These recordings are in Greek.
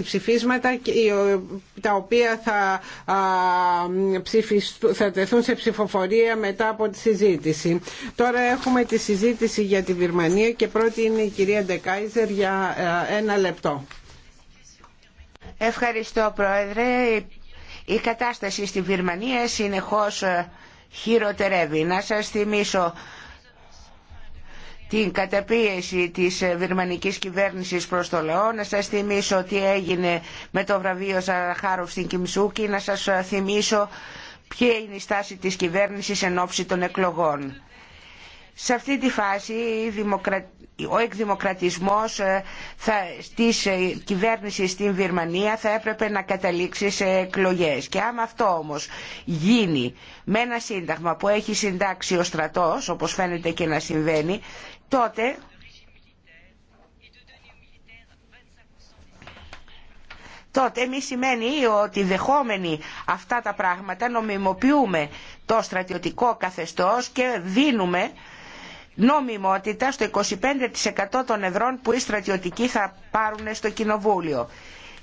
ψηφίσματα τα οποία θα, θα τεθούν σε ψηφοφορία μετά από τη συζήτηση. Τώρα έχουμε τη συζήτηση για τη Βυρμανία και πρώτη είναι η κυρία Ντεκάιζερ για ένα λεπτό. Ευχαριστώ Πρόεδρε. Η κατάσταση στη Βυρμανία συνεχώς ε, χειροτερεύει. Να σας θυμίσω την καταπίεση της βυρμανικής κυβέρνησης προς το λαό. Να σας θυμίσω τι έγινε με το βραβείο Ζαραχάροφ στην Κιμσούκη. Να σας θυμίσω ποια είναι η στάση της κυβέρνησης εν ώψη των εκλογών. Σε αυτή τη φάση η δημοκρατία ο εκδημοκρατισμός ε, θα, της ε, κυβέρνησης στην Βυρμανία θα έπρεπε να καταλήξει σε εκλογές. Και άμα αυτό όμως γίνει με ένα σύνταγμα που έχει συντάξει ο στρατός, όπως φαίνεται και να συμβαίνει, τότε τότε μη σημαίνει ότι δεχόμενοι αυτά τα πράγματα νομιμοποιούμε το στρατιωτικό καθεστώς και δίνουμε νομιμότητα στο 25% των εδρών που οι στρατιωτικοί θα πάρουν στο κοινοβούλιο.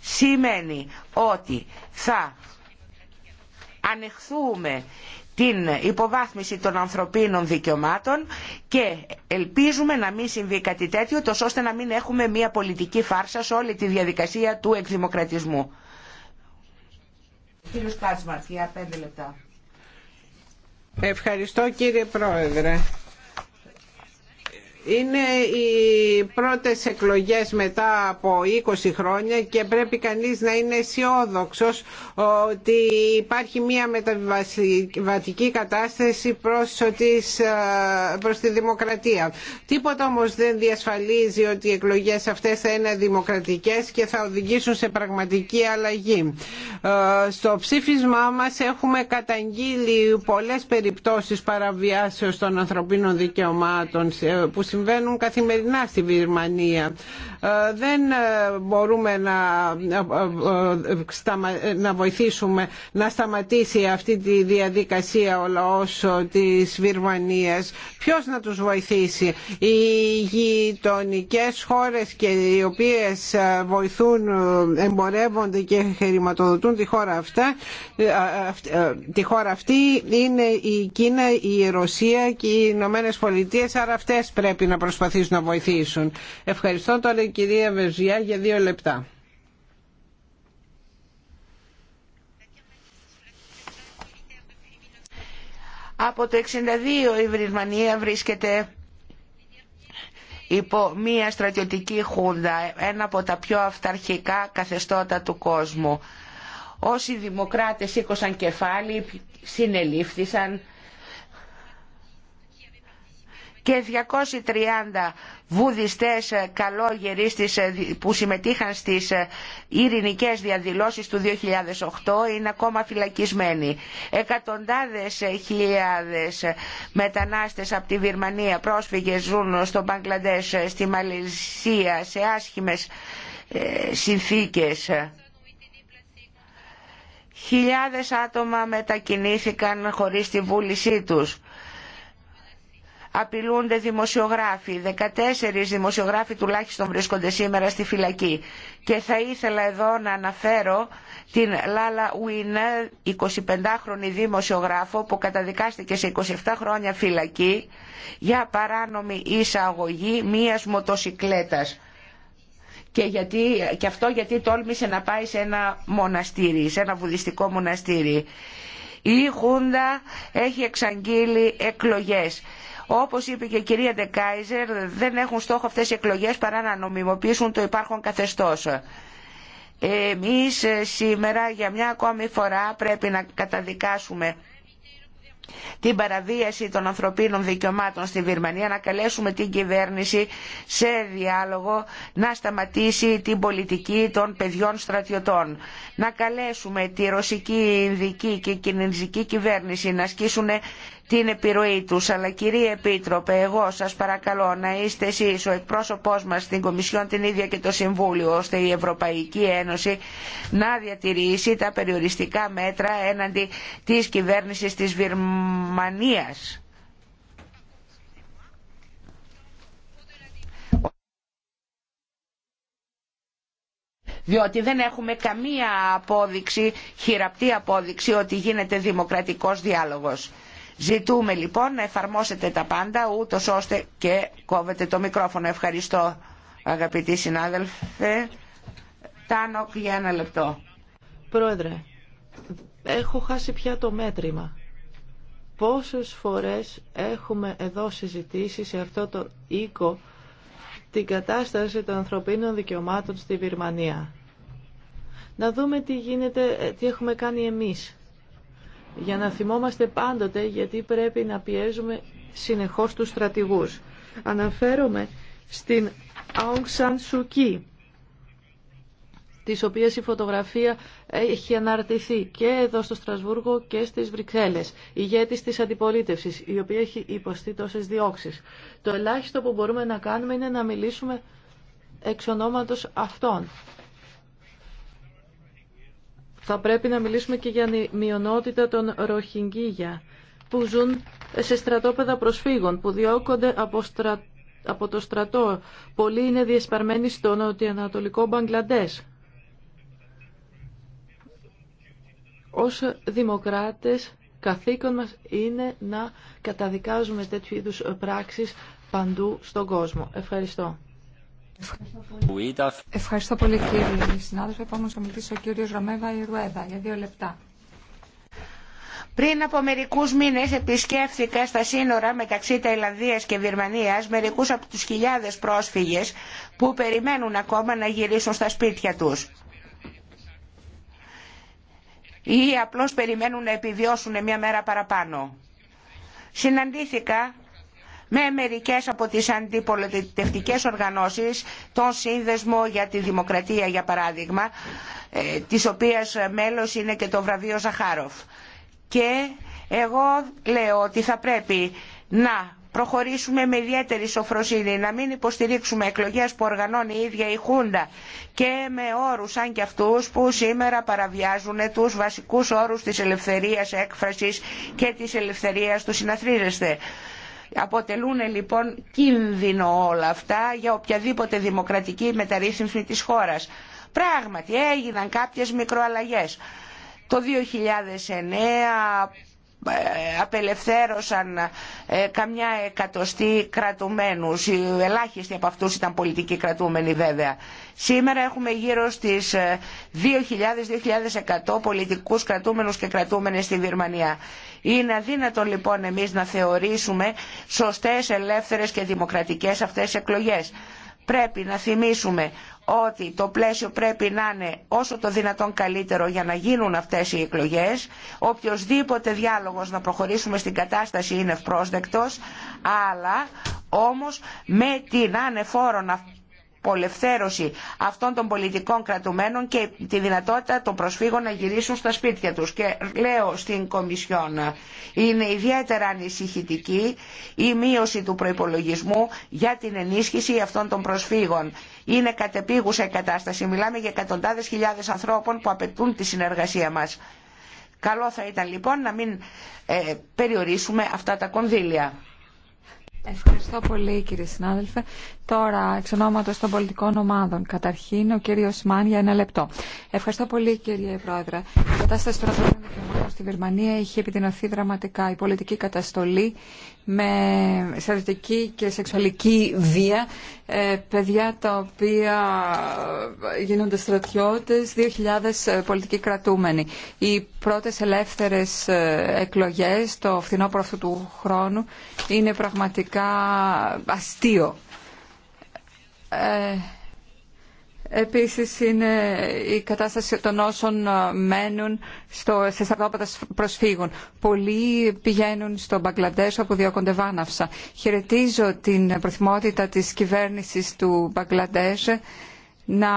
Σημαίνει ότι θα ανεχθούμε την υποβάθμιση των ανθρωπίνων δικαιωμάτων και ελπίζουμε να μην συμβεί κάτι τέτοιο, τόσο ώστε να μην έχουμε μια πολιτική φάρσα σε όλη τη διαδικασία του εκδημοκρατισμού. Ευχαριστώ κύριε Πρόεδρε. Είναι οι πρώτες εκλογές μετά από 20 χρόνια και πρέπει κανείς να είναι αισιόδοξο ότι υπάρχει μια μεταβατική κατάσταση προς, προς τη δημοκρατία. Τίποτα όμως δεν διασφαλίζει ότι οι εκλογές αυτές θα είναι δημοκρατικές και θα οδηγήσουν σε πραγματική αλλαγή. Ε, στο ψήφισμά μας έχουμε καταγγείλει πολλές περιπτώσεις παραβιάσεως των ανθρωπίνων δικαιωμάτων που συμβαίνουν καθημερινά στη Βιρμανία. Ε, δεν ε, μπορούμε να, ε, να βοηθήσουμε να σταματήσει αυτή τη διαδικασία ο λαός της Βιρμανίας. Ποιος να τους βοηθήσει. Οι γειτονικέ χώρες και οι οποίες βοηθούν, εμπορεύονται και χρηματοδοτούν τη χώρα, αυτά, τη χώρα αυτή είναι η Κίνα, η Ρωσία και οι Ηνωμένε Πολιτείε, άρα αυτές πρέπει να προσπαθήσουν να βοηθήσουν. Ευχαριστώ τώρα κυρία Βεζιά για δύο λεπτά. Από το 1962 η Βρισμανία βρίσκεται υπό μία στρατιωτική χούντα, ένα από τα πιο αυταρχικά καθεστώτα του κόσμου. Όσοι δημοκράτες σήκωσαν κεφάλι, συνελήφθησαν, και 230 βουδιστές ε, καλόγεροι ε, που συμμετείχαν στις ε, ειρηνικές διαδηλώσεις του 2008 είναι ακόμα φυλακισμένοι. Εκατοντάδες χιλιάδες μετανάστες από τη Βυρμανία πρόσφυγες ζουν στο Μπαγκλαντές, στη Μαλαισία σε άσχημες συνθήκες. Χιλιάδες άτομα μετακινήθηκαν χωρίς τη βούλησή τους απειλούνται δημοσιογράφοι. 14 δημοσιογράφοι τουλάχιστον βρίσκονται σήμερα στη φυλακή. Και θα ήθελα εδώ να αναφέρω την Λάλα Ουίνα, 25χρονη δημοσιογράφο που καταδικάστηκε σε 27 χρόνια φυλακή για παράνομη εισαγωγή μίας μοτοσικλέτας. Και, γιατί, και αυτό γιατί τόλμησε να πάει σε ένα μοναστήρι, σε ένα βουδιστικό μοναστήρι. Η Χούντα έχει εξαγγείλει εκλογές όπως είπε και η κυρία Ντεκάιζερ, δεν έχουν στόχο αυτές οι εκλογές παρά να νομιμοποιήσουν το υπάρχον καθεστώς. Εμείς ε, σήμερα για μια ακόμη φορά πρέπει να καταδικάσουμε την παραβίαση των ανθρωπίνων δικαιωμάτων στη Βυρμανία, να καλέσουμε την κυβέρνηση σε διάλογο να σταματήσει την πολιτική των παιδιών στρατιωτών. Να καλέσουμε τη ρωσική, ειδική και κινέζικη κυβέρνηση να ασκήσουν την επιρροή τους. Αλλά κύριε Επίτροπε, εγώ σας παρακαλώ να είστε εσείς ο εκπρόσωπός μας στην Κομισιόν την ίδια και το Συμβούλιο, ώστε η Ευρωπαϊκή Ένωση να διατηρήσει τα περιοριστικά μέτρα έναντι της κυβέρνησης της Βυρμανίας. διότι δεν έχουμε καμία απόδειξη, χειραπτή απόδειξη ότι γίνεται δημοκρατικός διάλογος. Ζητούμε λοιπόν να εφαρμόσετε τα πάντα ούτω ώστε και κόβετε το μικρόφωνο. Ευχαριστώ αγαπητοί συνάδελφοι. Τάνοκ για ένα λεπτό. Πρόεδρε, έχω χάσει πια το μέτρημα. Πόσες φορές έχουμε εδώ συζητήσει σε αυτό το οίκο την κατάσταση των ανθρωπίνων δικαιωμάτων στη Βυρμανία. Να δούμε τι γίνεται, τι έχουμε κάνει εμείς για να θυμόμαστε πάντοτε γιατί πρέπει να πιέζουμε συνεχώς τους στρατηγούς. Αναφέρομαι στην Aung San Suu Kyi, της οποίας η φωτογραφία έχει αναρτηθεί και εδώ στο Στρασβούργο και στις Βρυξέλλες, ηγέτης της αντιπολίτευσης, η οποία έχει υποστεί τόσες διώξεις. Το ελάχιστο που μπορούμε να κάνουμε είναι να μιλήσουμε εξ ονόματος αυτών. Θα πρέπει να μιλήσουμε και για μειονότητα των Ροχιγκίγια που ζουν σε στρατόπεδα προσφύγων, που διώκονται από, το στρατό. Πολλοί είναι διεσπαρμένοι στο νοτιοανατολικό Μπαγκλαντές. Ως δημοκράτες καθήκον μας είναι να καταδικάζουμε τέτοιου είδους πράξεις παντού στον κόσμο. Ευχαριστώ. Ευχαριστώ πολύ, κύριε συνάδελφε. Επόμενος θα μιλήσει ο κύριος Ρωμέβα Ιρουέδα για δύο λεπτά. Πριν από μερικού μήνε επισκέφθηκα στα σύνορα μεταξύ Ταϊλανδία και Βυρμανία μερικού από του χιλιάδε πρόσφυγε που περιμένουν ακόμα να γυρίσουν στα σπίτια του. Ή απλώ περιμένουν να επιβιώσουν μια μέρα παραπάνω. Συναντήθηκα με μερικές από τις αντιπολιτευτικές οργανώσεις, τον Σύνδεσμο για τη Δημοκρατία για παράδειγμα, ε, της οποίας μέλος είναι και το βραβείο Ζαχάροφ. Και εγώ λέω ότι θα πρέπει να προχωρήσουμε με ιδιαίτερη σοφροσύνη, να μην υποστηρίξουμε εκλογές που οργανώνει η ίδια η Χούντα και με όρους αν και αυτούς που σήμερα παραβιάζουν τους βασικούς όρους της ελευθερίας έκφρασης και της ελευθερίας του συναθρίζεσθε. Αποτελούν λοιπόν κίνδυνο όλα αυτά για οποιαδήποτε δημοκρατική μεταρρύθμιση της χώρας. Πράγματι έγιναν κάποιες μικροαλλαγές. Το 2009 ε, απελευθέρωσαν ε, καμιά εκατοστή κρατουμένους ελάχιστοι από αυτούς ήταν πολιτικοί κρατούμενοι βέβαια σήμερα έχουμε γύρω στις 2.000-2.100 ε, πολιτικούς κρατούμενους και κρατούμενες στη Βυρμανία είναι αδύνατο λοιπόν εμείς να θεωρήσουμε σωστές, ελεύθερες και δημοκρατικές αυτές εκλογές. Πρέπει να θυμίσουμε ότι το πλαίσιο πρέπει να είναι όσο το δυνατόν καλύτερο για να γίνουν αυτές οι εκλογές. Οποιοδήποτε διάλογος να προχωρήσουμε στην κατάσταση είναι ευπρόσδεκτος, αλλά όμως με την ανεφόρον πολευθέρωση αυτών των πολιτικών κρατουμένων και τη δυνατότητα των προσφύγων να γυρίσουν στα σπίτια τους. Και λέω στην Κομισιόν, είναι ιδιαίτερα ανησυχητική η μείωση του προϋπολογισμού για την ενίσχυση αυτών των προσφύγων. Είναι κατεπίγουσα η κατάσταση. Μιλάμε για εκατοντάδες χιλιάδες ανθρώπων που απαιτούν τη συνεργασία μας. Καλό θα ήταν λοιπόν να μην ε, περιορίσουμε αυτά τα κονδύλια. Ευχαριστώ πολύ κύριε συνάδελφε. Τώρα, εξ ονόματος των πολιτικών ομάδων, καταρχήν ο κύριος Μάν για ένα λεπτό. Ευχαριστώ πολύ κύριε Πρόεδρε. Η κατάσταση των ανθρώπινων δικαιωμάτων στη Βερμανία έχει επιδεινωθεί δραματικά. Η πολιτική καταστολή με σερβιτική και σεξουαλική βία, ε, παιδιά τα οποία ε, γίνονται στρατιώτες, 2.000 ε, πολιτικοί κρατούμενοι. Οι πρώτες ελεύθερες εκλογές το φθινόπωρο αυτού του χρόνου είναι πραγματικά αστείο. Επίσης είναι η κατάσταση των όσων ε, μένουν στο, σε στρατόπεδα προσφύγων. Πολλοί πηγαίνουν στο Μπαγκλαντές όπου διώκονται βάναυσα. Χαιρετίζω την προθυμότητα της κυβέρνησης του Μπαγκλαντές να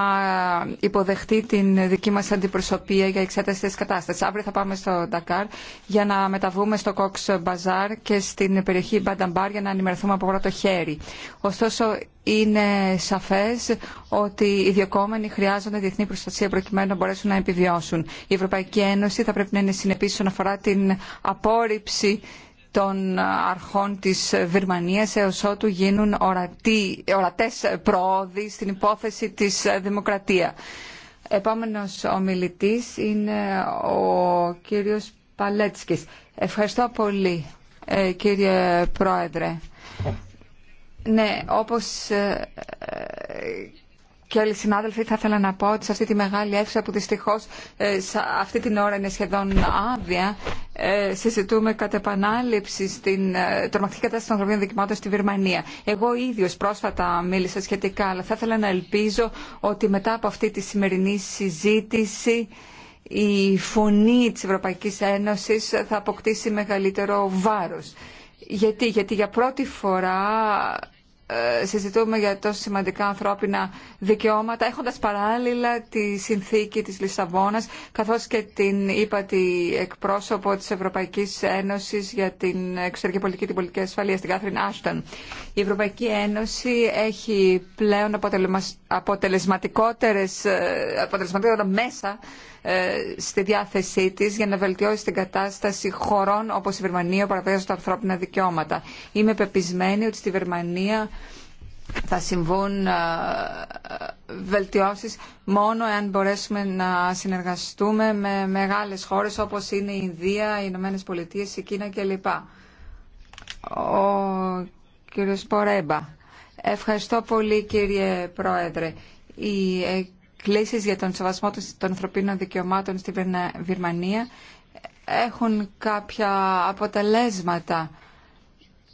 υποδεχτεί την δική μας αντιπροσωπεία για εξέταση της κατάστασης. Αύριο θα πάμε στο Ντακάρ για να μεταβούμε στο Κόξ Μπαζάρ και στην περιοχή Μπανταμπάρ για να ενημερωθούμε από πρώτο χέρι. Ωστόσο είναι σαφές ότι οι διοκόμενοι χρειάζονται διεθνή προστασία προκειμένου να μπορέσουν να επιβιώσουν. Η Ευρωπαϊκή Ένωση θα πρέπει να είναι συνεπής όσον αφορά την απόρριψη των αρχών της Βερμανίας έως ότου γίνουν ορατοί, ορατές προόδοι στην υπόθεση της δημοκρατία. Επόμενος ομιλητής είναι ο κύριος Παλέτσκης. Ευχαριστώ πολύ ε, κύριε Πρόεδρε. Ε. Ναι, όπως ε, και όλοι οι συνάδελφοι θα ήθελα να πω ότι σε αυτή τη μεγάλη αίθουσα που δυστυχώς ε, σε αυτή την ώρα είναι σχεδόν άδεια ε, συζητούμε κατ' επανάληψη στην ε, τρομακτική κατάσταση των ανθρωπίνων δικαιωμάτων στη Βερμανία. Εγώ ίδιος πρόσφατα μίλησα σχετικά αλλά θα ήθελα να ελπίζω ότι μετά από αυτή τη σημερινή συζήτηση η φωνή της Ευρωπαϊκής Ένωσης θα αποκτήσει μεγαλύτερο βάρος. Γιατί, γιατί για πρώτη φορά ε, συζητούμε για τόσο σημαντικά ανθρώπινα δικαιώματα, έχοντας παράλληλα τη συνθήκη της Λισαβόνας, καθώς και την ύπατη εκπρόσωπο της Ευρωπαϊκής Ένωσης για την εξωτερική πολιτική και την πολιτική ασφαλεία, την Κάθριν Άσταν. Η Ευρωπαϊκή Ένωση έχει πλέον αποτελεσματικότερα ε, μέσα ε, στη διάθεσή της για να βελτιώσει την κατάσταση χωρών όπως η Βερμανία παραπέζοντας τα ανθρώπινα δικαιώματα. Είμαι πεπισμένη ότι στη Βερμανία θα συμβούν ε, βελτιώσεις μόνο εάν μπορέσουμε να συνεργαστούμε με μεγάλες χώρες όπως είναι η Ινδία, οι Ηνωμένε Πολιτείε, η Κίνα κλπ. Ο κύριος Πορέμπα. Ευχαριστώ πολύ κύριε Πρόεδρε. Οι κλήσεις για τον σεβασμό των ανθρωπίνων δικαιωμάτων στη Βυρμανία έχουν κάποια αποτελέσματα.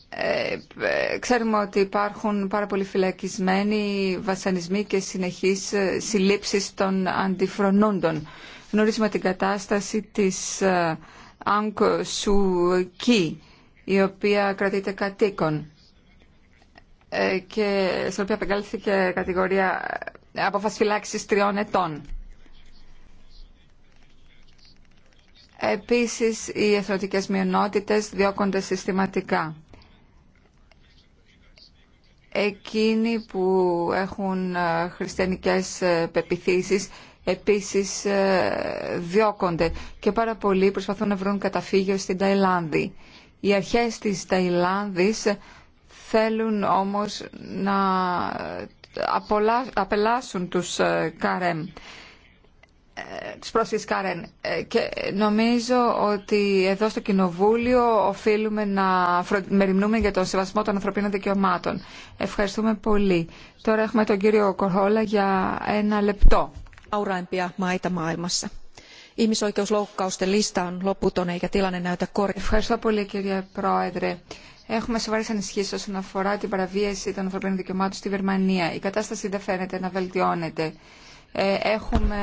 Ε, ε, ξέρουμε ότι υπάρχουν πάρα πολλοί φυλακισμένοι βασανισμοί και συνεχείς ε, συλλήψεις των αντιφρονούντων. Γνωρίζουμε την κατάσταση της Αγκ Σουκί, η οποία κρατείται κατοίκων. Ε, και στην οποία απεγκάλυφθηκε κατηγορία ε, απόφαση φυλάξης τριών ετών. Επίσης, οι εθνωτικές μειονότητες διώκονται συστηματικά. Εκείνοι που έχουν ε, χριστιανικές πεπιθήσεις επίσης διώκονται και πάρα πολλοί προσπαθούν να βρουν καταφύγιο στην Ταϊλάνδη. Οι αρχές της Ταϊλάνδης θέλουν όμως να απελάσουν τους ε, Καρέμ ε, Κάρεν ε, και νομίζω ότι εδώ στο Κοινοβούλιο οφείλουμε να μεριμνούμε για τον σεβασμό των ανθρωπίνων δικαιωμάτων. Ευχαριστούμε πολύ. Τώρα έχουμε τον κύριο Κορχόλα για ένα λεπτό. Ευχαριστώ πολύ κύριε Πρόεδρε. Έχουμε σοβαρέ ανησυχίε όσον αφορά την παραβίαση των ανθρωπίνων δικαιωμάτων στη Βερμανία. Η κατάσταση δεν φαίνεται να βελτιώνεται. Ε, έχουμε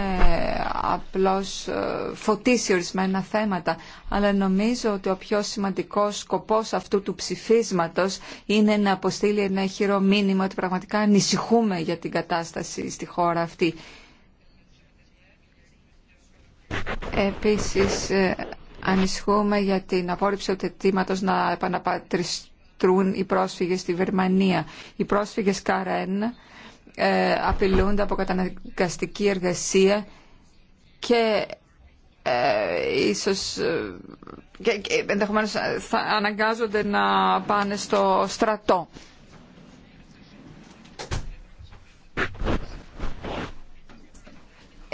απλώς ε, φωτίσει ορισμένα θέματα, αλλά νομίζω ότι ο πιο σημαντικός σκοπός αυτού του ψηφίσματος είναι να αποστείλει ένα χειρό μήνυμα ότι πραγματικά ανησυχούμε για την κατάσταση στη χώρα αυτή. Επίσης, ε, ανησυχούμε για την απόρριψη του θέματος να επαναπατριστούν οι πρόσφυγες στη Βερμανία. Οι πρόσφυγες Καρέν ε, απειλούνται από καταναγκαστική εργασία και ε, ίσως ε, και, και, ενδεχομένως θα αναγκάζονται να πάνε στο στρατό.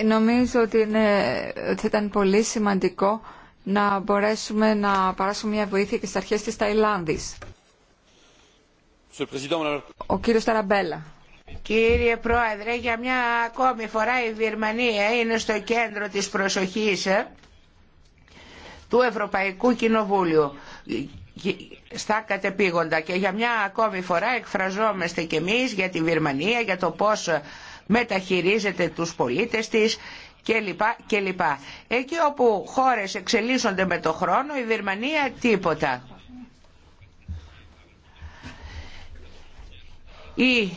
Νομίζω ότι, είναι, ότι ήταν πολύ σημαντικό να μπορέσουμε να παράσουμε μια βοήθεια και στις αρχές της Ταϊλάνδης. Ο κύριος Ταραμπέλα. Κύριε Πρόεδρε, για μια ακόμη φορά η Βιερμανία είναι στο κέντρο της προσοχής ε, του Ευρωπαϊκού Κοινοβούλιο στα κατεπήγοντα και για μια ακόμη φορά εκφραζόμαστε κι εμείς για τη Βυρμανία, για το πώς μεταχειρίζεται τους πολίτες της κλπ. Εκεί όπου χώρες εξελίσσονται με το χρόνο, η Βερμανία τίποτα. Η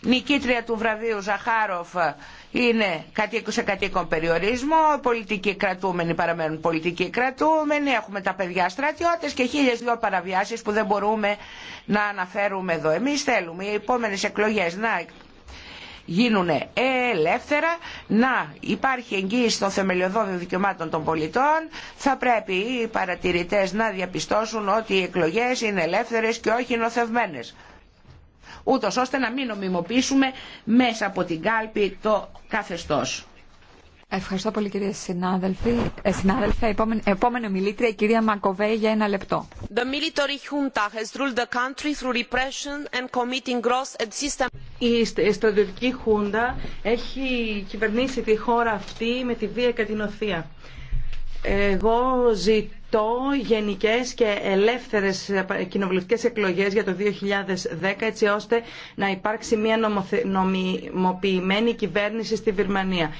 νικήτρια του βραβείου Ζαχάροφ είναι κατοίκου σε κατοίκον περιορισμό, πολιτικοί κρατούμενοι παραμένουν πολιτικοί κρατούμενοι, έχουμε τα παιδιά στρατιώτες και χίλιες δυο παραβιάσεις που δεν μπορούμε να αναφέρουμε εδώ. Εμείς θέλουμε οι επόμενες εκλογές να γίνουν ελεύθερα, να υπάρχει εγγύηση των θεμελιωδών δικαιωμάτων των πολιτών, θα πρέπει οι παρατηρητές να διαπιστώσουν ότι οι εκλογές είναι ελεύθερες και όχι νοθευμένες. Ούτως ώστε να μην νομιμοποιήσουμε μέσα από την κάλπη το καθεστώς. Ευχαριστώ πολύ κυρία συνάδελφη. Ε, συνάδελφε, επόμενη, μιλήτρια η κυρία Μακοβέη για ένα λεπτό. Η στρατιωτική χούντα έχει κυβερνήσει τη χώρα αυτή με τη βία και την οθεία. Εγώ ζητώ γενικές και ελεύθερες κοινοβουλευτικές εκλογές για το 2010 έτσι ώστε να υπάρξει μια νομιμοποιημένη κυβέρνηση στη Βυρμανία.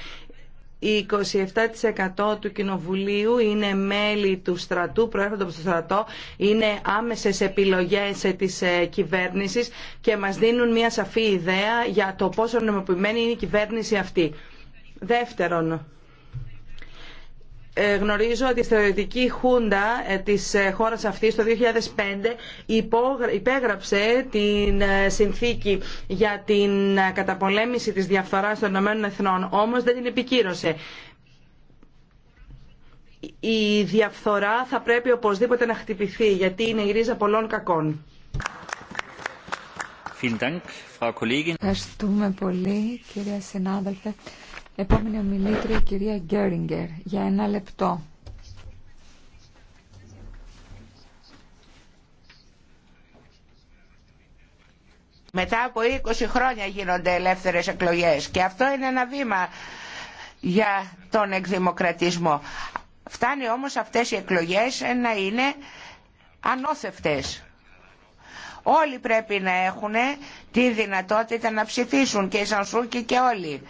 27% του Κοινοβουλίου είναι μέλη του στρατού, προέρχονται από το στρατό, είναι άμεσες επιλογές της ε, κυβέρνησης και μας δίνουν μια σαφή ιδέα για το πόσο νομιμοποιημένη είναι η κυβέρνηση αυτή. Δεύτερον, ε, γνωρίζω ότι η στρατιωτική χούντα ε, της ε, χώρας αυτής το 2005 υπέγραψε την συνθήκη για την καταπολέμηση της διαφθοράς των Ηνωμένων Εθνών, όμως δεν την επικύρωσε. Η διαφθορά θα πρέπει οπωσδήποτε να χτυπηθεί, γιατί είναι η ρίζα πολλών κακών. Ευχαριστούμε πολύ, κυρία συνάδελφε. Επόμενη ομιλήτρια η κυρία Γκέριγκερ για ένα λεπτό. Μετά από 20 χρόνια γίνονται ελεύθερες εκλογές και αυτό είναι ένα βήμα για τον εκδημοκρατισμό. Φτάνει όμως αυτές οι εκλογές να είναι ανώθευτες. Όλοι πρέπει να έχουν τη δυνατότητα να ψηφίσουν και οι Σανσούρκη και όλοι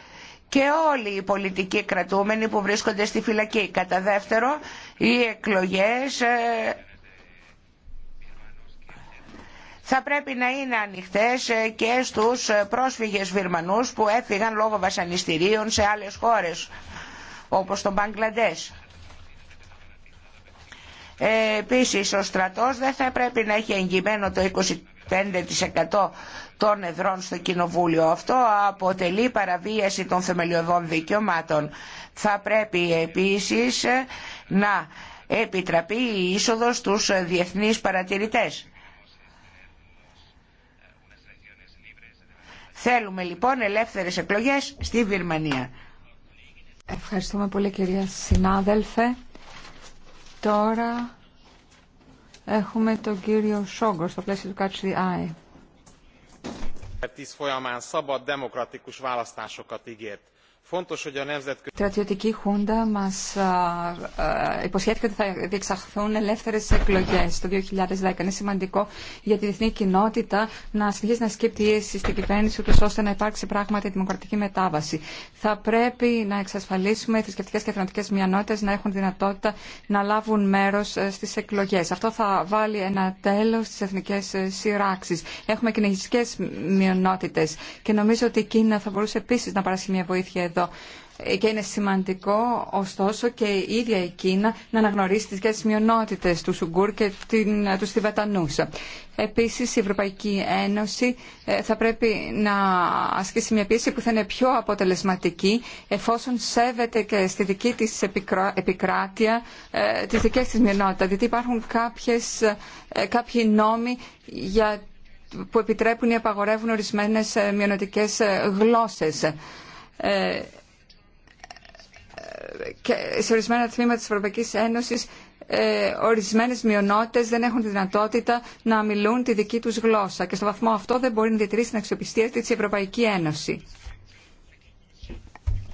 και όλοι οι πολιτικοί κρατούμενοι που βρίσκονται στη φυλακή. Κατά δεύτερο, οι εκλογές ε, θα πρέπει να είναι ανοιχτές ε, και στους ε, πρόσφυγες Βυρμανούς που έφυγαν λόγω βασανιστήριων σε άλλες χώρες όπως τον Μπαγκλαντές. Ε, επίσης ο στρατός δεν θα πρέπει να έχει εγγυημένο το 25% των εδρών στο Κοινοβούλιο. Αυτό αποτελεί παραβίαση των θεμελιωδών δικαιωμάτων. Θα πρέπει επίσης να επιτραπεί η είσοδος στους διεθνείς παρατηρητές. Θέλουμε λοιπόν ελεύθερες εκλογές στη Βυρμανία. Ευχαριστούμε πολύ κυρία συνάδελφε. Τώρα έχουμε τον κύριο Σόγκορ στο πλαίσιο του Catch the Eye. 2010 folyamán szabad, demokratikus választásokat η στρατιωτική χούντα μας υποσχέθηκε ότι θα διεξαχθούν ελεύθερες εκλογές το 2010. Είναι σημαντικό για τη διεθνή κοινότητα να συνεχίσει να ασκεί πίεση στην κυβέρνηση ούτως ώστε να υπάρξει πράγματι δημοκρατική μετάβαση. Θα πρέπει να εξασφαλίσουμε οι θρησκευτικέ και εθνοτικές μειονότητες να έχουν δυνατότητα να λάβουν μέρος ε, στις εκλογές. Αυτό θα βάλει ένα τέλος στις εθνικές ε, σειράξεις. Έχουμε κυνηγιστικές μειονότητε. και νομίζω ότι η Κίνα θα μπορούσε επίση να παράσχει μια βοήθεια και είναι σημαντικό, ωστόσο, και η ίδια η Κίνα να αναγνωρίσει τις τις μειονότητες του Σουγκούρ και την, του Στιβατανούς. Επίσης, η Ευρωπαϊκή Ένωση ε, θα πρέπει να ασκήσει μια πίεση που θα είναι πιο αποτελεσματική, εφόσον σέβεται και στη δική της επικράτεια ε, τις δικές της μειονότητες. Γιατί υπάρχουν κάποιες, ε, κάποιοι νόμοι για, που επιτρέπουν ή απαγορεύουν ορισμένες μειονοτικές γλώσσες ε, ε, και σε ορισμένα τμήματα της Ευρωπαϊκής Ένωσης ε, ορισμένες μειονότητες δεν έχουν τη δυνατότητα να μιλούν τη δική τους γλώσσα και στο βαθμό αυτό δεν μπορεί να διατηρήσει την αξιοπιστία της Ευρωπαϊκή Ένωση.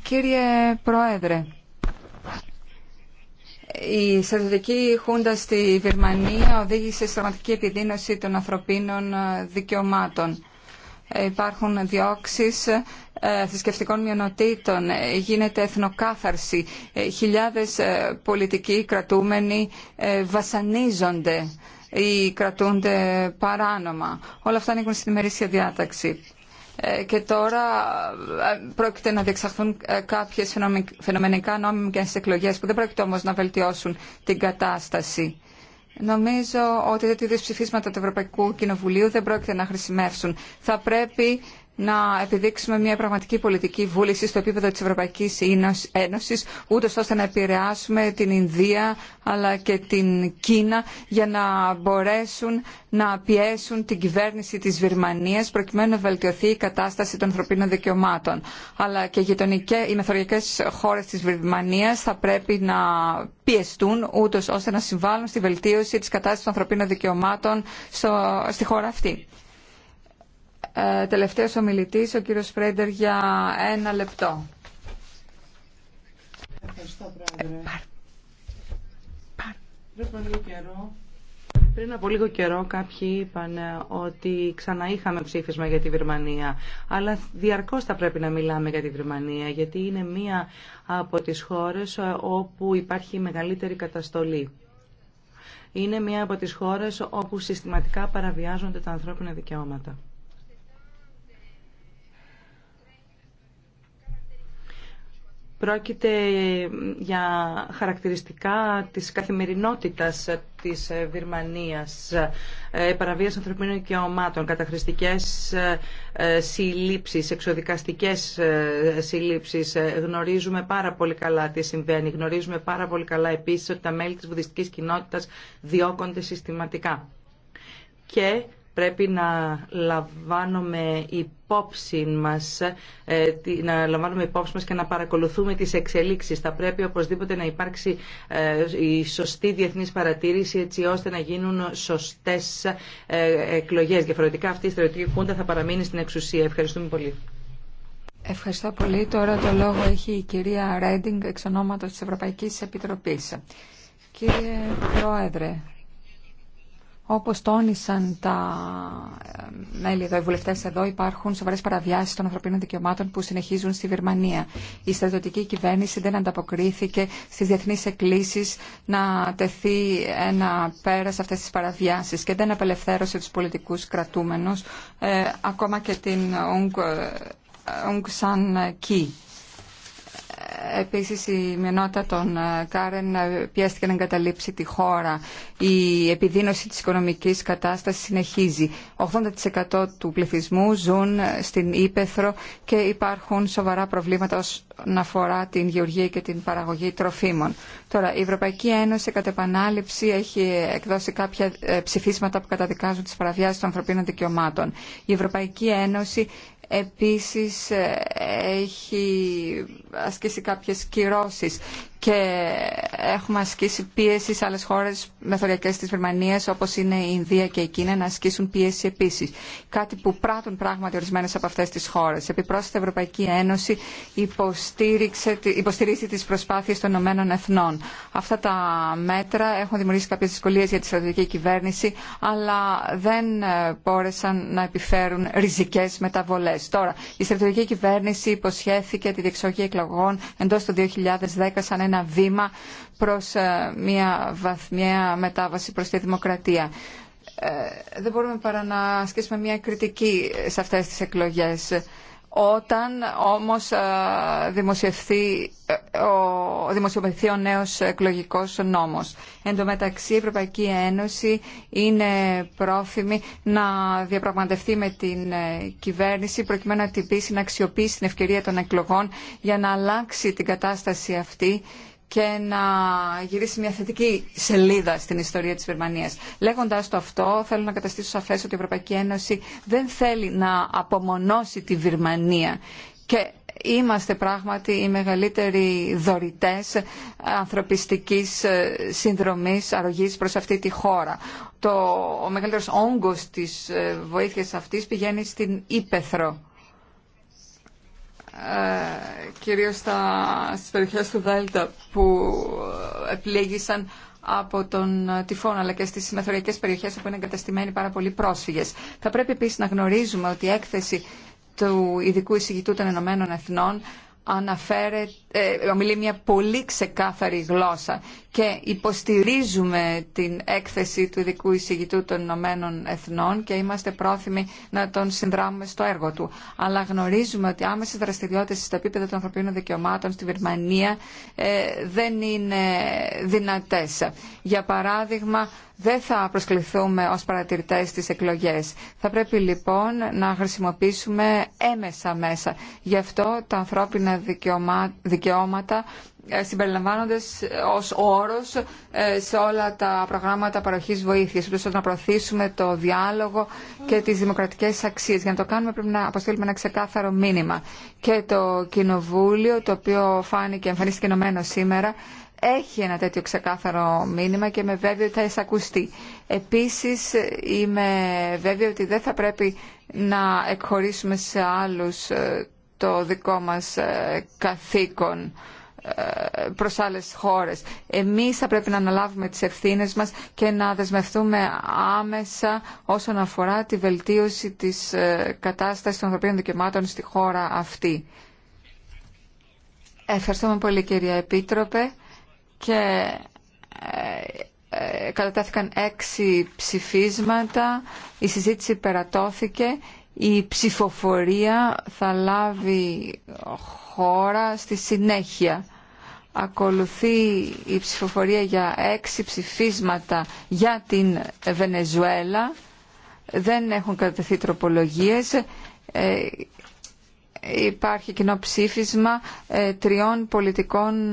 Κύριε Πρόεδρε, η στρατιωτική χούντα στη Βερμανία οδήγησε στη πραγματική επιδείνωση των ανθρωπίνων δικαιωμάτων υπάρχουν διώξεις ε, θρησκευτικών μειονοτήτων, ε, γίνεται εθνοκάθαρση, ε, χιλιάδες πολιτικοί κρατούμενοι βασανίζονται ή κρατούνται παράνομα. Όλα αυτά ανήκουν στην ημερήσια διάταξη. Και τώρα πρόκειται να διεξαχθούν κάποιες φαινομενικά νόμιμες εκλογές που δεν πρόκειται όμως να βελτιώσουν την κατάσταση Νομίζω ότι τέτοιου είδου ψηφίσματα του Ευρωπαϊκού Κοινοβουλίου δεν πρόκειται να χρησιμεύσουν. Θα πρέπει να επιδείξουμε μια πραγματική πολιτική βούληση στο επίπεδο της Ευρωπαϊκής Ένωσης, ούτως ώστε να επηρεάσουμε την Ινδία αλλά και την Κίνα για να μπορέσουν να πιέσουν την κυβέρνηση της Βυρμανίας προκειμένου να βελτιωθεί η κατάσταση των ανθρωπίνων δικαιωμάτων. Αλλά και οι μεθοριακές χώρες της Βυρμανίας θα πρέπει να πιεστούν ούτως ώστε να συμβάλλουν στη βελτίωση της κατάστασης των ανθρωπίνων δικαιωμάτων στη χώρα αυτή. Ε, τελευταίος ομιλητής, ο κύριος Φρέντερ, για ένα λεπτό. Ευχαριστώ, Πρόεδρε. Ε, πριν από λίγο καιρό, πριν από λίγο καιρό κάποιοι είπαν ε, ότι ξαναήχαμε ψήφισμα για τη Βερμανία. Αλλά διαρκώς θα πρέπει να μιλάμε για τη Βερμανία, γιατί είναι μία από τις χώρες όπου υπάρχει μεγαλύτερη καταστολή. Είναι μία από τις χώρες όπου συστηματικά παραβιάζονται τα ανθρώπινα δικαιώματα. Πρόκειται για χαρακτηριστικά της καθημερινότητας της Βυρμανίας, ε, παραβίαση ανθρωπίνων δικαιωμάτων, καταχρηστικές ε, ε, συλλήψεις, εξοδικαστικές συλλήψεις. Γνωρίζουμε πάρα πολύ καλά τι συμβαίνει. Γνωρίζουμε πάρα πολύ καλά επίσης ότι τα μέλη της βουδιστικής κοινότητας διώκονται συστηματικά. Και πρέπει να λαμβάνουμε υπόψη μας, ε, να λαμβάνουμε υπόψη μας και να παρακολουθούμε τις εξελίξεις. Θα πρέπει οπωσδήποτε να υπάρξει ε, η σωστή διεθνής παρατήρηση έτσι ώστε να γίνουν σωστές ε, εκλογές. Διαφορετικά αυτή η στρατιωτική κούντα θα παραμείνει στην εξουσία. Ευχαριστούμε πολύ. Ευχαριστώ πολύ. Τώρα το λόγο έχει η κυρία Ρέντινγκ εξ ονόματος της Ευρωπαϊκής Επιτροπής. Κύριε Πρόεδρε, όπως τόνισαν τα ε, μέλη εδώ, οι βουλευτέ εδώ, υπάρχουν σοβαρέ παραβιάσεις των ανθρωπίνων δικαιωμάτων που συνεχίζουν στη Βερμανία. Η στρατιωτική κυβέρνηση δεν ανταποκρίθηκε στις διεθνείς εκκλήσεις να τεθεί ένα πέρα σε αυτές τις παραβιάσεις και δεν απελευθέρωσε τους πολιτικούς κρατούμενους, ε, ακόμα και την Ουγ Κι. Ε, Επίσης η μειονότητα των ε, Κάρεν ε, πιέστηκε να εγκαταλείψει τη χώρα. Η επιδείνωση της οικονομικής κατάστασης συνεχίζει. 80% του πληθυσμού ζουν ε, στην Ήπεθρο και υπάρχουν σοβαρά προβλήματα όσον αφορά την γεωργία και την παραγωγή τροφίμων. Τώρα, η Ευρωπαϊκή Ένωση κατά επανάληψη έχει εκδώσει κάποια ψηφίσματα που καταδικάζουν τις παραβιάσεις των ανθρωπίνων δικαιωμάτων. Η Ευρωπαϊκή Ένωση Επίσης ε, έχει ασκήσει κάποιες κυρώσεις και έχουμε ασκήσει πίεση σε άλλες χώρες μεθοριακές της Βερμανίας όπως είναι η Ινδία και η Κίνα να ασκήσουν πίεση επίσης. Κάτι που πράττουν πράγματι ορισμένες από αυτές τις χώρες. Επιπρόσθετα η Ευρωπαϊκή Ένωση υποστηρίζει τις προσπάθειες των Ηνωμένων Εθνών. Αυτά τα μέτρα έχουν δημιουργήσει κάποιες δυσκολίες για τη στρατηγική κυβέρνηση αλλά δεν ε, μπόρεσαν να επιφέρουν ριζικές μεταβολές. Τώρα, η στρατηγική κυβέρνηση υποσχέθηκε τη διεξογή εκλογών εντός του 2010 σαν ένα βήμα προς ε, μια βαθμιαία μετάβαση προς τη δημοκρατία. Ε, δεν μπορούμε παρά να ασκήσουμε μια κριτική σε αυτές τις εκλογές όταν όμως ε, δημοσιευθεί ε, ο, δημοσιοποιηθεί ο νέος εκλογικός νόμος. Εν τω μεταξύ η Ευρωπαϊκή Ένωση είναι πρόθυμη να διαπραγματευτεί με την ε, κυβέρνηση προκειμένου να τυπήσει, να αξιοποιήσει την ευκαιρία των εκλογών για να αλλάξει την κατάσταση αυτή και να γυρίσει μια θετική σελίδα στην ιστορία της Βερμανίας. Λέγοντας το αυτό, θέλω να καταστήσω σαφές ότι η Ευρωπαϊκή Ένωση δεν θέλει να απομονώσει τη Βερμανία και είμαστε πράγματι οι μεγαλύτεροι δωρητές ανθρωπιστικής ε, συνδρομής, αρρωγής προς αυτή τη χώρα. Το, ο μεγαλύτερος όγκος της ε, βοήθειας αυτής πηγαίνει στην Ήπεθρο ε, κυρίως στα, στις περιοχές του Δέλτα που επλήγησαν από τον ε, τυφώνα, αλλά και στις συμμεθοριακές περιοχές όπου είναι εγκαταστημένοι πάρα πολλοί πρόσφυγες. Θα πρέπει επίσης να γνωρίζουμε ότι η έκθεση του ειδικού εισηγητού των Ηνωμένων Εθνών αναφέρεται, ε, ομιλεί μια πολύ ξεκάθαρη γλώσσα και υποστηρίζουμε την έκθεση του ειδικού εισηγητού των Ηνωμένων Εθνών και είμαστε πρόθυμοι να τον συνδράμουμε στο έργο του. Αλλά γνωρίζουμε ότι άμεσε δραστηριότητε στα επίπεδα των ανθρωπίνων δικαιωμάτων στη Βερμανία ε, δεν είναι δυνατέ. Για παράδειγμα, δεν θα προσκληθούμε ως παρατηρητές στις εκλογές. Θα πρέπει λοιπόν να χρησιμοποιήσουμε έμεσα μέσα. Γι' αυτό τα ανθρώπινα δικαιώματα ε, συμπεριλαμβάνονται ε, ως όρος ε, σε όλα τα προγράμματα παροχής βοήθειας, ώστε να προωθήσουμε το διάλογο και τις δημοκρατικές αξίες. Για να το κάνουμε πρέπει να αποστείλουμε ένα ξεκάθαρο μήνυμα. Και το Κοινοβούλιο, το οποίο φάνηκε, εμφανίστηκε ενωμένο σήμερα, έχει ένα τέτοιο ξεκάθαρο μήνυμα και με βέβαιο ότι θα εισακουστεί. Επίσης είμαι βέβαιο ότι δεν θα πρέπει να εκχωρήσουμε σε άλλους ε, το δικό μας ε, καθήκον ε, προς άλλες χώρες. Εμείς θα πρέπει να αναλάβουμε τις ευθύνες μας και να δεσμευτούμε άμεσα όσον αφορά τη βελτίωση της κατάστασης των ανθρωπίνων δικαιωμάτων στη χώρα αυτή. Ευχαριστούμε πολύ κυρία Επίτροπε και ε, ε, κατατάθηκαν έξι ψηφίσματα, η συζήτηση περατώθηκε, η ψηφοφορία θα λάβει χώρα στη συνέχεια. Ακολουθεί η ψηφοφορία για έξι ψηφίσματα για την Βενεζουέλα. Δεν έχουν κατατεθεί τροπολογίες. Ε, υπάρχει κοινό ψήφισμα τριών πολιτικών